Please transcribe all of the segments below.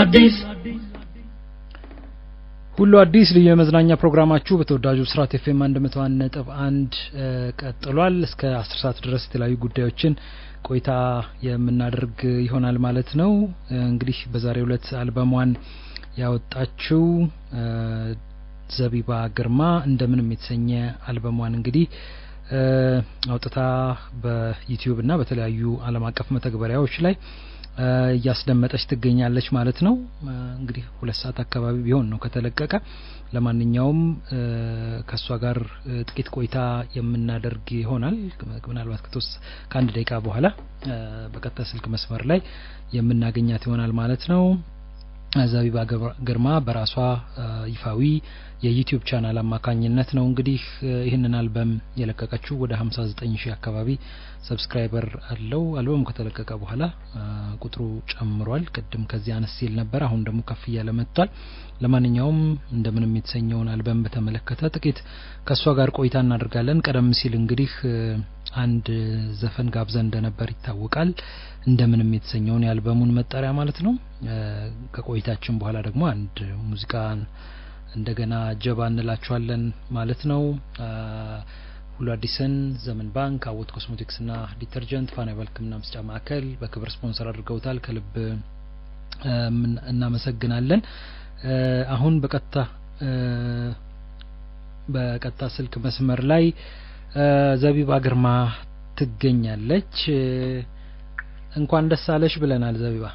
አዲስ ሁሉ አዲስ ልዩ የመዝናኛ ፕሮግራማችሁ በተወዳጁ ስራት ኤፍኤም አንድ መቶ አንድ ነጥብ አንድ ቀጥሏል። እስከ አስር ሰዓት ድረስ የተለያዩ ጉዳዮችን ቆይታ የምናደርግ ይሆናል ማለት ነው። እንግዲህ በዛሬው ዕለት አልበሟን ያወጣችው ዘቢባ ግርማ እንደምንም የተሰኘ አልበሟን እንግዲህ አውጥታ በዩቲዩብ እና በተለያዩ ዓለም አቀፍ መተግበሪያዎች ላይ እያስደመጠች ትገኛለች ማለት ነው። እንግዲህ ሁለት ሰዓት አካባቢ ቢሆን ነው ከተለቀቀ። ለማንኛውም ከእሷ ጋር ጥቂት ቆይታ የምናደርግ ይሆናል። ምናልባት ከቶስ ከአንድ ደቂቃ በኋላ በቀጥታ ስልክ መስመር ላይ የምናገኛት ይሆናል ማለት ነው። ዘቢባ ግርማ በራሷ ይፋዊ የዩቲዩብ ቻናል አማካኝነት ነው እንግዲህ ይህንን አልበም የለቀቀችው። ወደ 59 ሺህ አካባቢ ሰብስክራይበር አለው። አልበሙ ከተለቀቀ በኋላ ቁጥሩ ጨምሯል። ቅድም ከዚህ አነስ ሲል ነበር፣ አሁን ደግሞ ከፍ እያለ መጥቷል። ለማንኛውም እንደምንም የተሰኘውን አልበም በተመለከተ ጥቂት ከእሷ ጋር ቆይታ እናደርጋለን። ቀደም ሲል እንግዲህ አንድ ዘፈን ጋብዘን እንደነበር ይታወቃል። እንደምንም የተሰኘውን የአልበሙን መጠሪያ ማለት ነው። ከቆይታችን በኋላ ደግሞ አንድ ሙዚቃ እንደገና ጀባ እንላችኋለን ማለት ነው። ሁሉ አዲስን፣ ዘመን ባንክ፣ አወት ኮስሞቲክስ ና ዲተርጀንት፣ ፋናቫል ሕክምና መስጫ ማዕከል በክብር ስፖንሰር አድርገውታል። ከልብ እናመሰግናለን። አሁን በቀጥታ በቀጥታ ስልክ መስመር ላይ ዘቢባ ግርማ ትገኛለች። እንኳን ደስ አለሽ ብለናል ዘቢባ።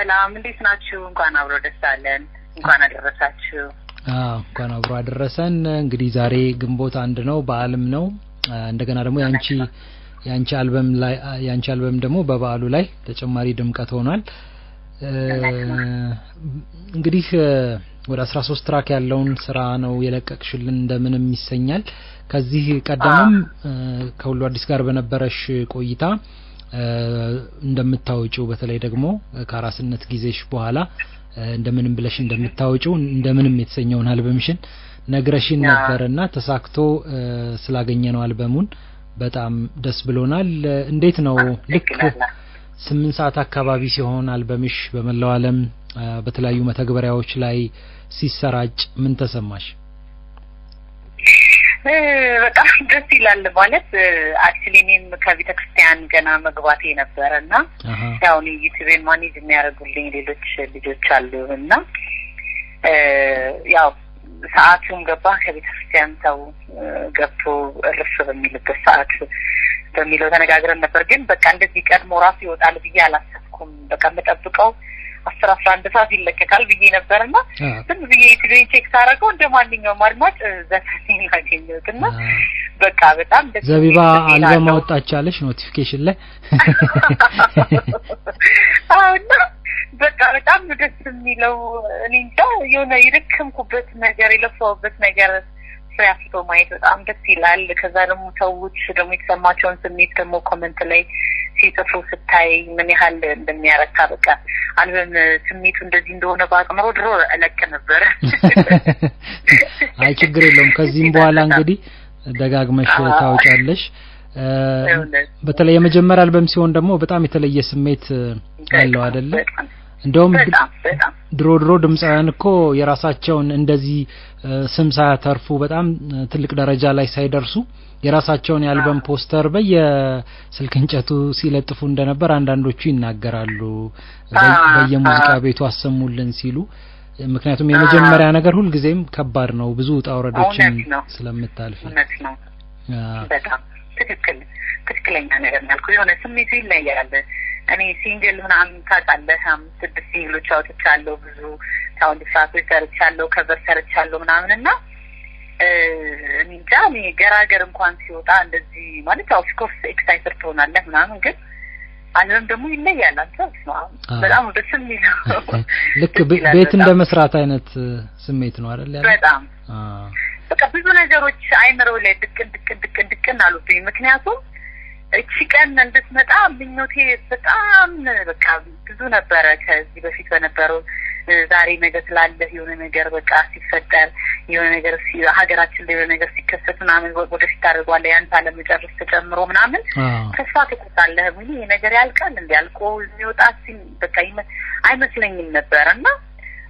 ሰላም፣ እንዴት ናችሁ? እንኳን አብሮ ደስ አለን። እንኳን አደረሳችሁ። እንኳን አብሮ አደረሰን። እንግዲህ ዛሬ ግንቦት አንድ ነው፣ በዓልም ነው። እንደገና ደግሞ ያንቺ ያንቺ አልበም ላይ ያንቺ አልበም ደግሞ በበዓሉ ላይ ተጨማሪ ድምቀት ሆኗል። እንግዲህ ወደ 13 ትራክ ያለውን ስራ ነው የለቀቅሽልን እንደምንም ይሰኛል። ከዚህ ቀደምም ከሁሉ አዲስ ጋር በነበረሽ ቆይታ እንደምታወጪው በተለይ ደግሞ ከአራስነት ጊዜሽ በኋላ እንደምንም ብለሽ እንደምታወጪው እንደምንም የተሰኘውን አልበምሽን ነግረሽን ነበርና ተሳክቶ ስላገኘ ነው አልበሙን በጣም ደስ ብሎናል። እንዴት ነው ልክ ስምንት ሰዓት አካባቢ ሲሆን አልበምሽ በመላው ዓለም በተለያዩ መተግበሪያዎች ላይ ሲሰራጭ ምን ተሰማሽ? በጣም ደስ ይላል። ማለት አክቹሊ እኔም ከቤተ ክርስቲያን ገና መግባቴ ነበረ እና ያው እኔ ዩቲቤን ማኔጅ የሚያደርጉልኝ ሌሎች ልጆች አሉ እና ያው ሰዓቱም ገባ ከቤተ ክርስቲያን ሰው ገብቶ እርፍ በሚልበት ሰዓት በሚለው ተነጋግረን ነበር። ግን በቃ እንደዚህ ቀድሞ ራሱ ይወጣል ብዬ አላሰብኩም። በቃ የምጠብቀው አስር አስራ አንድ ሰዓት ይለቀቃል ብዬ ነበር እና ዝም ብዬ ዩቲዩብን ቼክ ሳረገው እንደ ማንኛውም አድማጭ ዘፈኔን ላገኘት እና በቃ በጣም ደስ ዘቢባ አልበም አወጣቻለሽ ኖቲፊኬሽን ላይ እና በቃ በጣም ደስ የሚለው እኔ እንጃ የሆነ የደከምኩበት ነገር የለፋሁበት ነገር ፍሬ አፍቶ ማየት በጣም ደስ ይላል። ከዛ ደግሞ ሰዎች ደግሞ የተሰማቸውን ስሜት ደግሞ ኮመንት ላይ ሲጽፉ ስታይ ምን ያህል እንደሚያረካ በቃ አልበም ስሜቱ እንደዚህ እንደሆነ በአቅምሮ ድሮ እለቅ ነበረ። አይ ችግር የለውም። ከዚህም በኋላ እንግዲህ ደጋግመሽ ታወጫለሽ። በተለይ የመጀመሪያ አልበም ሲሆን ደግሞ በጣም የተለየ ስሜት አለው አይደለም? እንደውም ድሮ ድሮ ድምፃውያን እኮ የራሳቸውን እንደዚህ ስም ሳያተርፉ በጣም ትልቅ ደረጃ ላይ ሳይደርሱ የራሳቸውን የአልበም ፖስተር በየስልክ እንጨቱ ሲለጥፉ እንደነበር አንዳንዶቹ ይናገራሉ። በየሙዚቃ ቤቱ አሰሙልን ሲሉ ምክንያቱም የመጀመሪያ ነገር ጊዜም ከባድ ነው፣ ብዙ ውጣ ስለምታልፍ ትክክል ትክክለኛ ነገር ያልኩ የሆነ ስሜቱ ይለያል። እኔ ሲንግል ምናምን ታውቃለህ አምስት ስድስት ሲንግሎች አውጥቻለሁ። ብዙ ሳውንድ ትራኮች ሰርቻለሁ፣ ከበር ሰርቻለሁ ምናምን እና እንጃ እኔ ገራገር እንኳን ሲወጣ እንደዚህ ማለት ያው ኦፍኮርስ ኤክሳይተር ትሆናለህ ምናምን ግን አለም ደግሞ ይለያል። አንተ በጣም ደስ የሚለው ልክ ቤት እንደ መስራት አይነት ስሜት ነው አይደል? ያለው በጣም በቃ ብዙ ነገሮች አይምረው ላይ ድቅን ድቅን ድቅን ድቅን አሉብኝ ምክንያቱም እቺ ቀን እንድትመጣ ምኞቴ በጣም በቃ ብዙ ነበረ። ከዚህ በፊት በነበረው ዛሬ ነገር ስላለ የሆነ ነገር በቃ ሲፈጠር የሆነ ነገር ሀገራችን ላይ የሆነ ነገር ሲከሰት ምናምን ወደፊት ታደርጓለህ ያንተ አለመጨረስ ተጨምሮ ምናምን ተስፋ ትቆጣለህ። ይሄ ነገር ያልቃል እንዲ ያልቆ የሚወጣ ሲን በቃ አይመስለኝም ነበር እና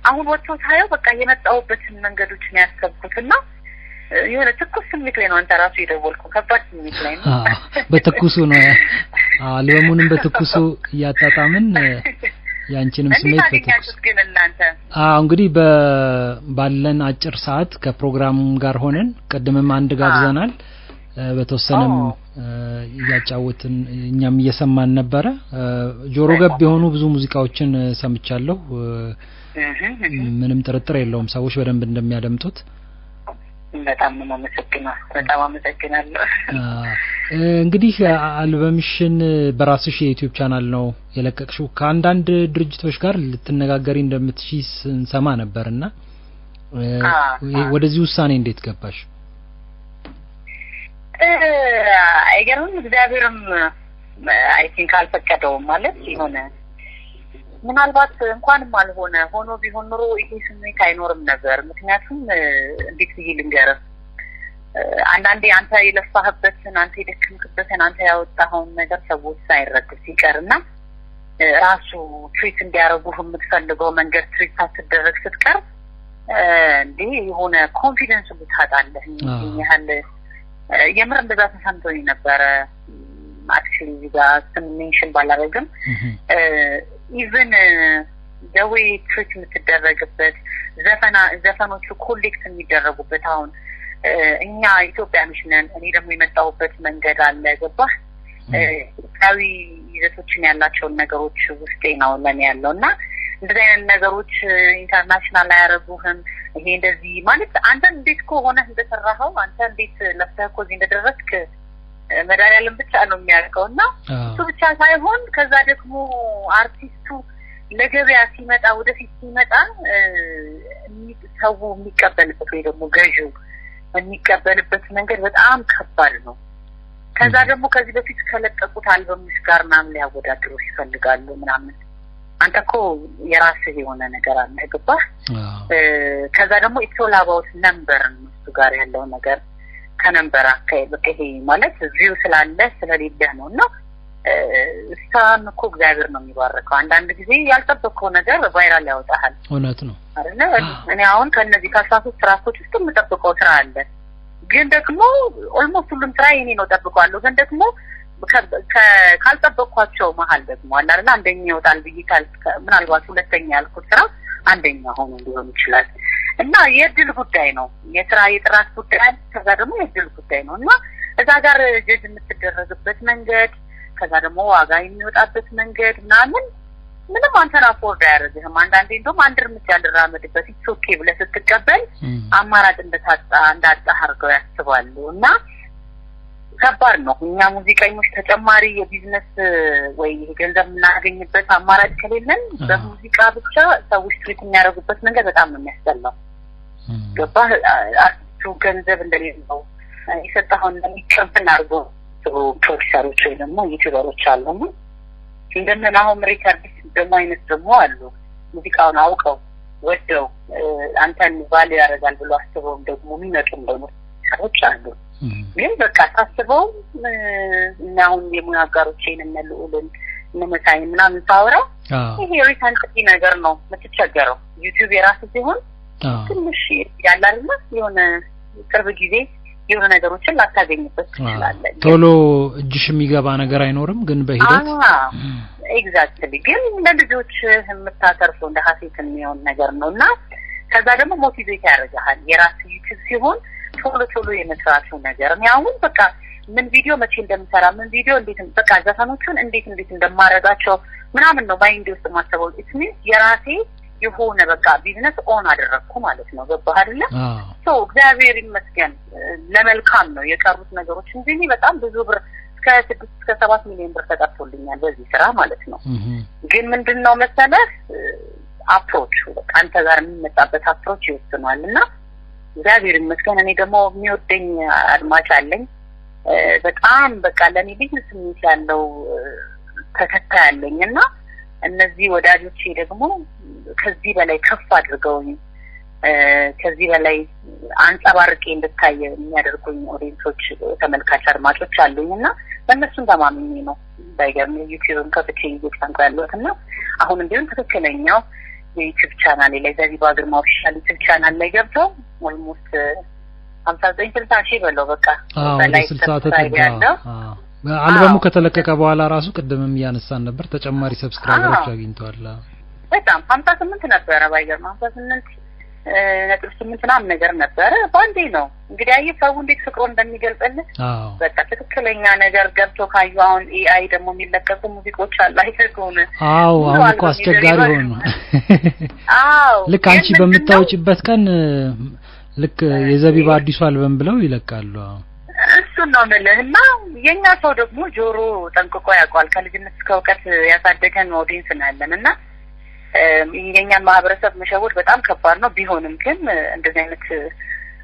አሁን ወጥቶ ሳየው በቃ የመጣሁበትን መንገዶችን ያሰብኩት ያሰብኩትና የሆነ ትኩስ ስሜት ላይ ነው አንተ ራሱ የደወልኩ። ከባድ ስሜት ላይ ነው፣ በትኩሱ ነው አልበሙንም በትኩሱ እያጣጣምን ያንቺንም ስሜት በትኩሱ ግን እናንተ አዎ፣ እንግዲህ ባለን አጭር ሰዓት ከፕሮግራም ጋር ሆነን ቅድምም አንድ ጋብዘናል። በተወሰነም እያጫወትን እኛም እየሰማን ነበረ። ጆሮ ገብ የሆኑ ብዙ ሙዚቃዎችን ሰምቻለሁ። ምንም ጥርጥር የለውም ሰዎች በደንብ እንደሚያደምጡት አመሰግናለሁ። እንግዲህ አልበምሽን በራስሽ የዩቲዩብ ቻናል ነው የለቀቅሽው። ከአንዳንድ ድርጅቶች ጋር ልትነጋገሪ እንደምትሺ ስንሰማ ነበር እና ወደዚህ ውሳኔ እንዴት ገባሽ? አይገርምም። እግዚአብሔርም አይ ቲንክ አልፈቀደውም ማለት የሆነ ምናልባት እንኳንም አልሆነ ሆኖ ቢሆን ኑሮ ይሄ ስሜት አይኖርም ነበር። ምክንያቱም እንዴት ብዬ ልንገርህ፣ አንዳንዴ አንተ የለፋህበትን አንተ የደክምክበትን አንተ ያወጣኸውን ነገር ሰዎች ሳይረግ ሲቀር እና ራሱ ትሪት እንዲያደርጉህ የምትፈልገው መንገድ ትሪት ሳትደረግ ስትቀር እንዴ የሆነ ኮንፊደንስ ልታጣለህ ያህል የምር እንደዛ ተሰምቶኝ ነበረ። አክቹዋሊ እዚህ ጋር ስም ሜንሽን ባላደርግም ኢቨን ደዌ ትሪት የምትደረግበት ዘፈና ዘፈኖቹ ኮሌክት የሚደረጉበት አሁን uh, እኛ ኢትዮጵያ ምሽነን እኔ ደግሞ የመጣሁበት መንገድ አለ ገባህ? ኢትዮጵያዊ uh, ይዘቶችን ያላቸውን ነገሮች ውስጤ ነው ለኔ ያለው እና እንደዚህ አይነት ነገሮች ኢንተርናሽናል uh, አያደረጉህም። ይሄ እንደዚህ ማለት አንተ እንዴት ከሆነ እንደሰራኸው አንተ እንዴት ለፍተህ ኮዚ እንደደረስክ መድኃኒዓለም ብቻ ነው የሚያውቀው እና እሱ ብቻ ሳይሆን ከዛ ደግሞ አርቲስቱ ለገበያ ሲመጣ ወደፊት ሲመጣ ሰው የሚቀበልበት ወይ ደግሞ ገዢው የሚቀበልበት መንገድ በጣም ከባድ ነው። ከዛ ደግሞ ከዚህ በፊት ከለቀቁት አልበሞች ጋር ምናምን ሊያወዳድሩ ይፈልጋሉ ምናምን። አንተ እኮ የራስህ የሆነ ነገር አለ ግባ። ከዛ ደግሞ ኢትሶል አባውት እሱ ጋር ያለው ነገር ከነበረ አካሄድ በቃ ይሄ ማለት እዚሁ ስላለ ስለሌለህ ነው እና እሷን እኮ እግዚአብሔር ነው የሚባረከው። አንዳንድ ጊዜ ያልጠበቅከው ነገር ቫይራል ያወጣሃል። እውነት ነው አለ እኔ አሁን ከእነዚህ ከአስራ ሶስት ስራቶች ውስጥ የምጠብቀው ስራ አለ። ግን ደግሞ ኦልሞስት ሁሉም ስራ የኔ ነው ጠብቀዋለሁ። ግን ደግሞ ካልጠበቅኳቸው መሀል ደግሞ አለ አንደኛ ይወጣል ብይታል ምናልባት ሁለተኛ ያልኩት ስራ አንደኛ ሆኖ ሊሆን ይችላል። እና የእድል ጉዳይ ነው። የስራ የጥራት ጉዳይ ከዛ ደግሞ የእድል ጉዳይ ነው እና እዛ ጋር ጀጅ የምትደረግበት መንገድ ከዛ ደግሞ ዋጋ የሚወጣበት መንገድ ምናምን ምንም አንተን አፎርድ አያደርግህም። አንዳንዴ እንደውም አንድ እርምጃ እንድራመድበት ኢትሶኬ ብለህ ስትቀበል አማራጭ እንደታጣ እንዳጣ አድርገው ያስባሉ እና ከባድ ነው። እኛ ሙዚቀኞች ተጨማሪ የቢዝነስ ወይ ገንዘብ የምናገኝበት አማራጭ ከሌለን በሙዚቃ ብቻ ሰዎች ትሪት የሚያደርጉበት መንገድ በጣም ነው የሚያስጠላው። ገባህ? አርቲስቱ ገንዘብ እንደሌለው የሰጠኸውን እንደሚቀብን አድርጎ ጥሩ ፕሮዲሰሮች ወይ ደግሞ ዩቲበሮች አሉ እንደምን አሁን ሪከርድስ ደግሞ አይነት ደግሞ አሉ። ሙዚቃውን አውቀው ወደው አንተን ቫሉ ያደርጋል ብሎ አስበውም ደግሞ የሚመጡም ደግሞ ሰዎች አሉ። ግን በቃ ታስበውም እና አሁን የሙያ አጋሮቼን እነ ልዑልን ምናምን ሳወራ ይሄ ሪታንጥቂ ነገር ነው የምትቸገረው ዩቲብ የራሱ ሲሆን ትንሽ ያለ አይደለ የሆነ ቅርብ ጊዜ የሆነ ነገሮችን ላታገኝበት ትችላለህ። ቶሎ እጅሽ የሚገባ ነገር አይኖርም፣ ግን በሂደት ኤግዛክትሊ ግን ለልጆች የምታተርፈው እንደ ሀሴት የሚሆን ነገር ነው እና ከዛ ደግሞ ሞቲቬት ያደርግሃል የራስ ዩቲብ ሲሆን ቶሎ ቶሎ የመስራቱ ነገር እኔ አሁን በቃ ምን ቪዲዮ መቼ እንደምሰራ ምን ቪዲዮ እንዴት በቃ ዘፈኖቹን እንዴት እንዴት እንደማረጋቸው ምናምን ነው ማይንድ ውስጥ ማሰበው። ኢት የራሴ የሆነ በቃ ቢዝነስ ኦን አደረግኩ ማለት ነው። ገባህ አይደለ? ሶ እግዚአብሔር ይመስገን ለመልካም ነው የቀሩት ነገሮች እንጂ በጣም ብዙ ብር እስከ ስድስት እስከ ሰባት ሚሊዮን ብር ተቀርቶልኛል በዚህ ስራ ማለት ነው። ግን ምንድን ነው መሰለህ አፕሮች በቃ አንተ ጋር የሚመጣበት አፕሮች ይወስኗል። እና እግዚአብሔር ይመስገን እኔ ደግሞ የሚወደኝ አድማጭ አለኝ። በጣም በቃ ለእኔ ልዩ ስሜት ያለው ተከታይ አለኝ እና እነዚህ ወዳጆቼ ደግሞ ከዚህ በላይ ከፍ አድርገውኝ ከዚህ በላይ አንጸባርቄ እንድታየ የሚያደርጉኝ ኦዲየንሶች፣ ተመልካች አድማጮች አሉኝ እና በእነሱን ተማምኜ ነው ባይገርም ዩቲብን ከፍቼ እየጫንኩ ያለሁት እና አሁንም ቢሆን ትክክለኛው የዩቲብ ቻናል ላይ ዘቢባ ግርማ ኦፊሻል ዩቲብ ቻናል ላይ ገብተው ኦልሞስት ሀምሳ ዘጠኝ ስልሳ ሺህ በለው በቃ በላይ ያለው አልበሙ ከተለቀቀ በኋላ ራሱ ቅድምም እያነሳን ነበር ተጨማሪ ሰብስክራይበሮች አግኝተዋል። በጣም ሀምሳ ስምንት ነበረ ባይገርም ሀምሳ ስምንት ነጥብ ስምንት ምናምን ነገር ነበረ። በአንዴ ነው እንግዲህ አየህ ሰው እንዴት ፍቅሮ እንደሚገልጽልህ በቃ ትክክለኛ ነገር ገብቶ ካዩ አሁን ኤአይ ደግሞ የሚለቀቁ ሙዚቆች አሉ አይተህ ከሆነ አዎ፣ አሁን እኮ አስቸጋሪ ሆኑ። አዎ ልክ አንቺ በምታወጭበት ቀን ልክ የዘቢባ አዲሱ አልበም ብለው ይለቃሉ። እሱን ነው የምልህ። እና የእኛ ሰው ደግሞ ጆሮ ጠንቅቆ ያውቋል። ከልጅነት እስከ እውቀት ያሳደገን ኦዲንስ ናለን እና የእኛን ማህበረሰብ መሸወድ በጣም ከባድ ነው። ቢሆንም ግን እንደዚህ አይነት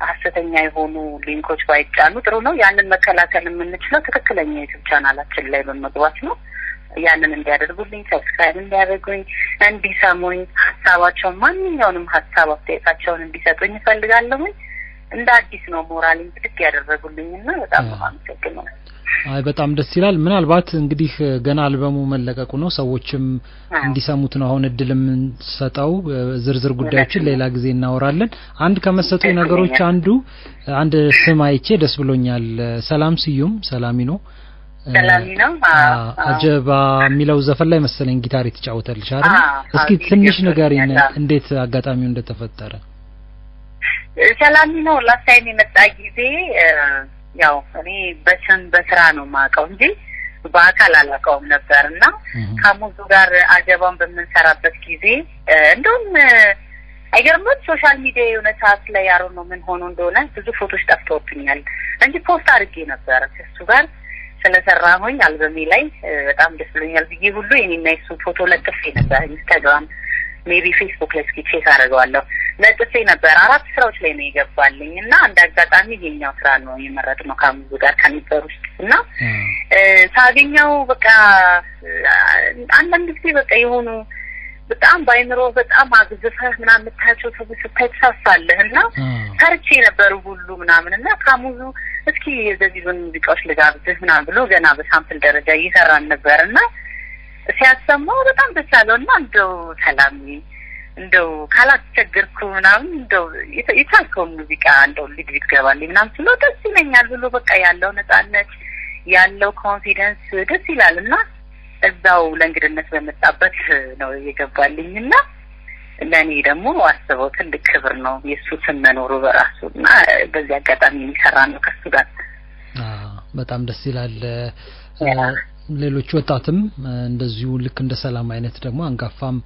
ሀሰተኛ የሆኑ ሊንኮች ባይጫኑ ጥሩ ነው። ያንን መከላከል የምንችለው ትክክለኛ ዩቱብ ቻናላችን ላይ በመግባት ነው። ያንን እንዲያደርጉልኝ፣ ሰብስክራይብ እንዲያደርጉኝ፣ እንዲሰሙኝ፣ ሀሳባቸውን ማንኛውንም ሀሳብ አስተያየታቸውን እንዲሰጡኝ እፈልጋለሁኝ። እንደ አዲስ ነው ሞራል ጥቅ ያደረጉልኝ እና በጣም ነው አመሰግነው። አይ በጣም ደስ ይላል። ምናልባት እንግዲህ ገና አልበሙ መለቀቁ ነው፣ ሰዎችም እንዲሰሙት ነው አሁን እድል የምንሰጠው። ዝርዝር ጉዳዮችን ሌላ ጊዜ እናወራለን። አንድ ከመሰጡ ነገሮች አንዱ አንድ ስም አይቼ ደስ ብሎኛል። ሰላም ስዩም ሰላሚ ነው ሰላሚ ነው አጀባ የሚለው ዘፈን ላይ መሰለኝ ጊታር የተጫወተልሽ አይደል? እስኪ ትንሽ ንገሪን እንዴት አጋጣሚው እንደተፈጠረ። ሰላሚ ነው ላስታይም የመጣ ጊዜ ያው እኔ በስም በስራ ነው የማውቀው እንጂ በአካል አላውቀውም ነበር እና ከሙዙ ጋር አጀባውን በምንሰራበት ጊዜ እንደውም አይገርምም ሶሻል ሚዲያ የሆነ ሰዓት ላይ ያሮ ነው ምን ሆኖ እንደሆነ ብዙ ፎቶች ጠፍተውብኛል እንጂ ፖስት አድርጌ ነበር እሱ ጋር ስለሰራሁኝ አልበሜ ላይ በጣም ደስ ብሎኛል ብዬ ሁሉ የኔና የሱ ፎቶ ለጥፌ ነበር ኢንስታግራም ሜቢ ፌስቡክ ላይ እስኪ አደርገዋለሁ ነጥፌ ነበር። አራት ስራዎች ላይ ነው የገባልኝ እና እንደ አጋጣሚ ይሄኛው ስራ ነው የመረጥነው ከሙዙ ጋር ከሚበር ውስጥ እና ሳገኘው በቃ አንዳንድ ጊዜ በቃ የሆኑ በጣም በአይምሮ በጣም አግዝፈህ ምናምን የምታያቸው ሰዎች ስታይ ትሳሳለህ እና ሰርቼ ነበር ሁሉ ምናምን እና ካሙዙ እስኪ በዚህ ዞን ሙዚቃዎች ልጋብዝህ ምናምን ብሎ ገና በሳምፕል ደረጃ እየሰራን ነበር እና ሲያሰማው በጣም ደስ ያለው እና እንደው ሰላም እንደው ካላስቸገርኩ ምናምን እንደው የቻልከውን ሙዚቃ እንደው ልጅ ብትገባልኝ ምናምን ስሎ ደስ ይለኛል ብሎ በቃ ያለው ነጻነት ያለው ኮንፊደንስ ደስ ይላል እና እዛው ለእንግድነት በመጣበት ነው የገባልኝ እና ለእኔ ደግሞ አስበው ትልቅ ክብር ነው የእሱ ስም መኖሩ በራሱ እና በዚህ አጋጣሚ የሚሰራ ነው ከሱ ጋር በጣም ደስ ይላል። ሌሎች ወጣትም እንደዚሁ ልክ እንደ ሰላም አይነት ደግሞ አንጋፋም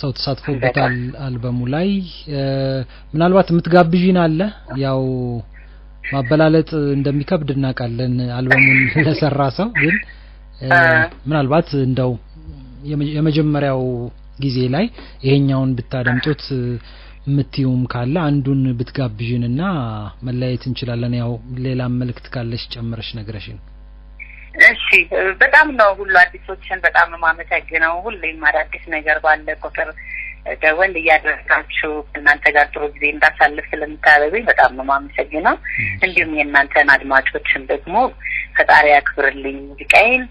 ሰው ተሳትፎበታል አልበሙ ላይ ምናልባት የምትጋብዥን አለ ያው ማበላለጥ እንደሚከብድ እናውቃለን አልበሙን ለሰራ ሰው ግን ምናልባት እንደው የመጀመሪያው ጊዜ ላይ ይሄኛውን ብታደምጡት ምትዩም ካለ አንዱን ብትጋብዥንና መለያየት እንችላለን ያው ሌላ መልእክት ካለሽ ጨምረሽ ነግረሽን እሺ በጣም ነው ሁሉ አዲሶችን በጣም ነው ማመሰግነው። ሁሌም አዳዲስ ነገር ባለ ቁጥር ደወል እያደረጋችሁ እናንተ ጋር ጥሩ ጊዜ እንዳሳልፍ ስለምታደርጉኝ በጣም ነው ማመሰግነው። እንዲሁም የእናንተን አድማጮችን ደግሞ ፈጣሪ ያክብርልኝ፣ ሙዚቃዬን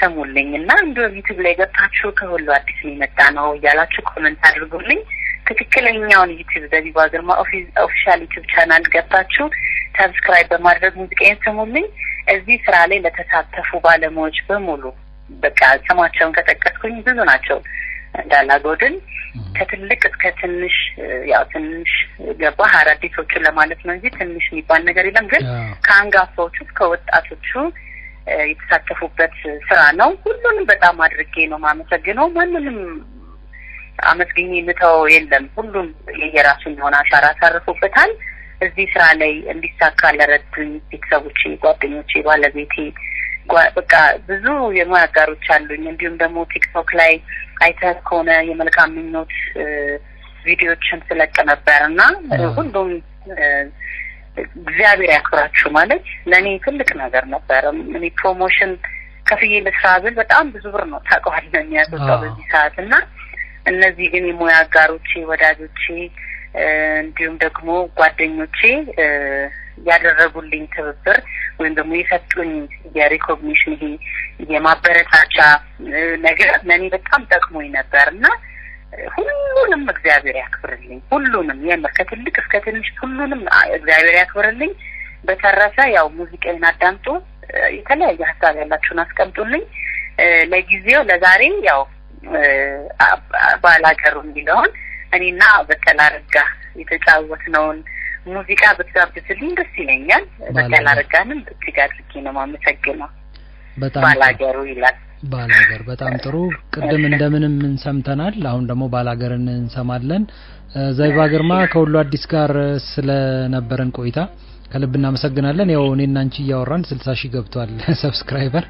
ሰሙልኝ እና እንዲሁም ዩቱብ ላይ ገብታችሁ ከሁሉ አዲስ ነው የመጣ ነው እያላችሁ ኮመንት አድርጉልኝ። ትክክለኛውን ዩቲብ በዚህ ግርማ ኦፊሻል ዩቲብ ቻናል ገብታችሁ ሰብስክራይብ በማድረግ ሙዚቃዬን ስሙልኝ። እዚህ ስራ ላይ ለተሳተፉ ባለሙያዎች በሙሉ በቃ ስማቸውን ከጠቀስኩኝ ብዙ ናቸው እንዳላጎድን ከትልቅ እስከ ትንሽ ያው ትንሽ ገባህ አዳዲሶቹ ለማለት ነው እንጂ ትንሽ የሚባል ነገር የለም። ግን ከአንጋፋዎቹ እስከ ወጣቶቹ የተሳተፉበት ስራ ነው። ሁሉንም በጣም አድርጌ ነው የማመሰግነው። ማንንም አመስግኝ ምተው የለም። ሁሉም የየራሱን የሆነ አሻራ አሳርፎበታል። እዚህ ስራ ላይ እንዲሳካ ለረዱኝ ቤተሰቦቼ፣ ጓደኞቼ፣ ባለቤቴ በቃ ብዙ የሙያ አጋሮች አሉኝ። እንዲሁም ደግሞ ቲክቶክ ላይ አይተህ ከሆነ የመልካም ምኞት ቪዲዮችን ስለቅ ነበር እና ሁሉም እግዚአብሔር ያክብራችሁ ማለት ለእኔ ትልቅ ነገር ነበር። እኔ ፕሮሞሽን ከፍዬ ልስራ ብል በጣም ብዙ ብር ነው ታውቀዋለህ የሚያስወጣው በዚህ ሰዓት እና እነዚህ ግን የሙያ አጋሮቼ ወዳጆቼ እንዲሁም ደግሞ ጓደኞቼ ያደረጉልኝ ትብብር ወይም ደግሞ የሰጡኝ የሪኮግኒሽን ይሄ የማበረታቻ ነገር ለእኔ በጣም ጠቅሞኝ ነበር እና ሁሉንም እግዚአብሔር ያክብርልኝ። ሁሉንም የምር ከትልቅ እስከ ትንሽ ሁሉንም እግዚአብሔር ያክብርልኝ። በተረፈ ያው ሙዚቃዬን አዳምጡ፣ የተለያየ ሀሳብ ያላችሁን አስቀምጡልኝ። ለጊዜው ለዛሬ ያው ባላገሩ የሚለውን እኔና በቀላ ረጋ የተጫወትነውን ሙዚቃ ብትጋብዝልኝ ደስ ይለኛል። በቀላ ረጋንም እጅግ አድርጌ ነው ማመሰግነው። ባላገሩ ይላል ባላገር። በጣም ጥሩ። ቅድም እንደምንም እንሰምተናል። አሁን ደግሞ ባላገርን እንሰማለን። ዘይባ ግርማ ከሁሉ አዲስ ጋር ስለነበረን ቆይታ ከልብ እናመሰግናለን። ያው እኔና አንቺ እያወራን 60 ሺህ ገብቷል ሰብስክራይበር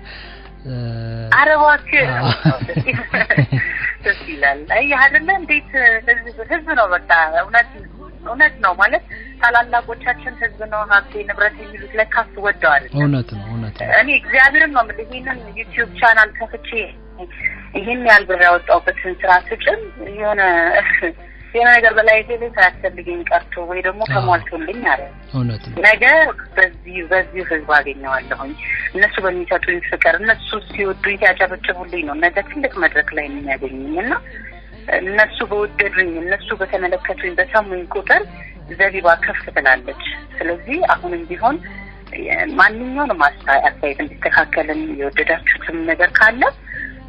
አረባክ ደስ ይላል። አይ አይደለ እንዴት ህዝብ ህዝብ ነው በቃ እውነት እውነት ነው ማለት ታላላቆቻችን ህዝብ ነው ሀብቴ ንብረት የሚሉት ለካስ ወደዋል። እውነት ነው እውነት ነው። እኔ እግዚአብሔርን ነው የምልህ ይህንን ዩቲዩብ ቻናል ከፍቼ ይህን ያህል ብር ያወጣሁበትን ስራ ስጭም የሆነ የሆነ ነገር በላይ ሳያስፈልገኝ ቀርቶ ወይ ደግሞ ተሟልቶልኝ አለ ነገር በዚህ በዚሁ ህዝብ አገኘዋለሁኝ። እነሱ በሚሰጡኝ ፍቅር፣ እነሱ ሲወዱኝ ሲያጨበጭቡልኝ ነው ነገ ትልቅ መድረክ ላይ የሚያገኙኝ እና እነሱ በወደዱኝ፣ እነሱ በተመለከቱኝ፣ በሰሙኝ ቁጥር ዘቢባ ከፍ ትላለች። ስለዚህ አሁንም ቢሆን ማንኛውንም አስተያየት እንዲስተካከልን የወደዳችሁትም ነገር ካለ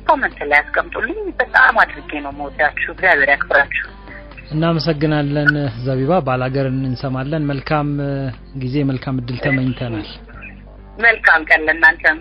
ኮመንት ላይ አስቀምጡልኝ በጣም አድርጌ ነው መወዳችሁ። እግዚአብሔር ያክብራችሁ። እናመሰግናለን ዘቢባ። ባላገር እንሰማለን። መልካም ጊዜ፣ መልካም እድል ተመኝተናል። መልካም ቀን ለእናንተም።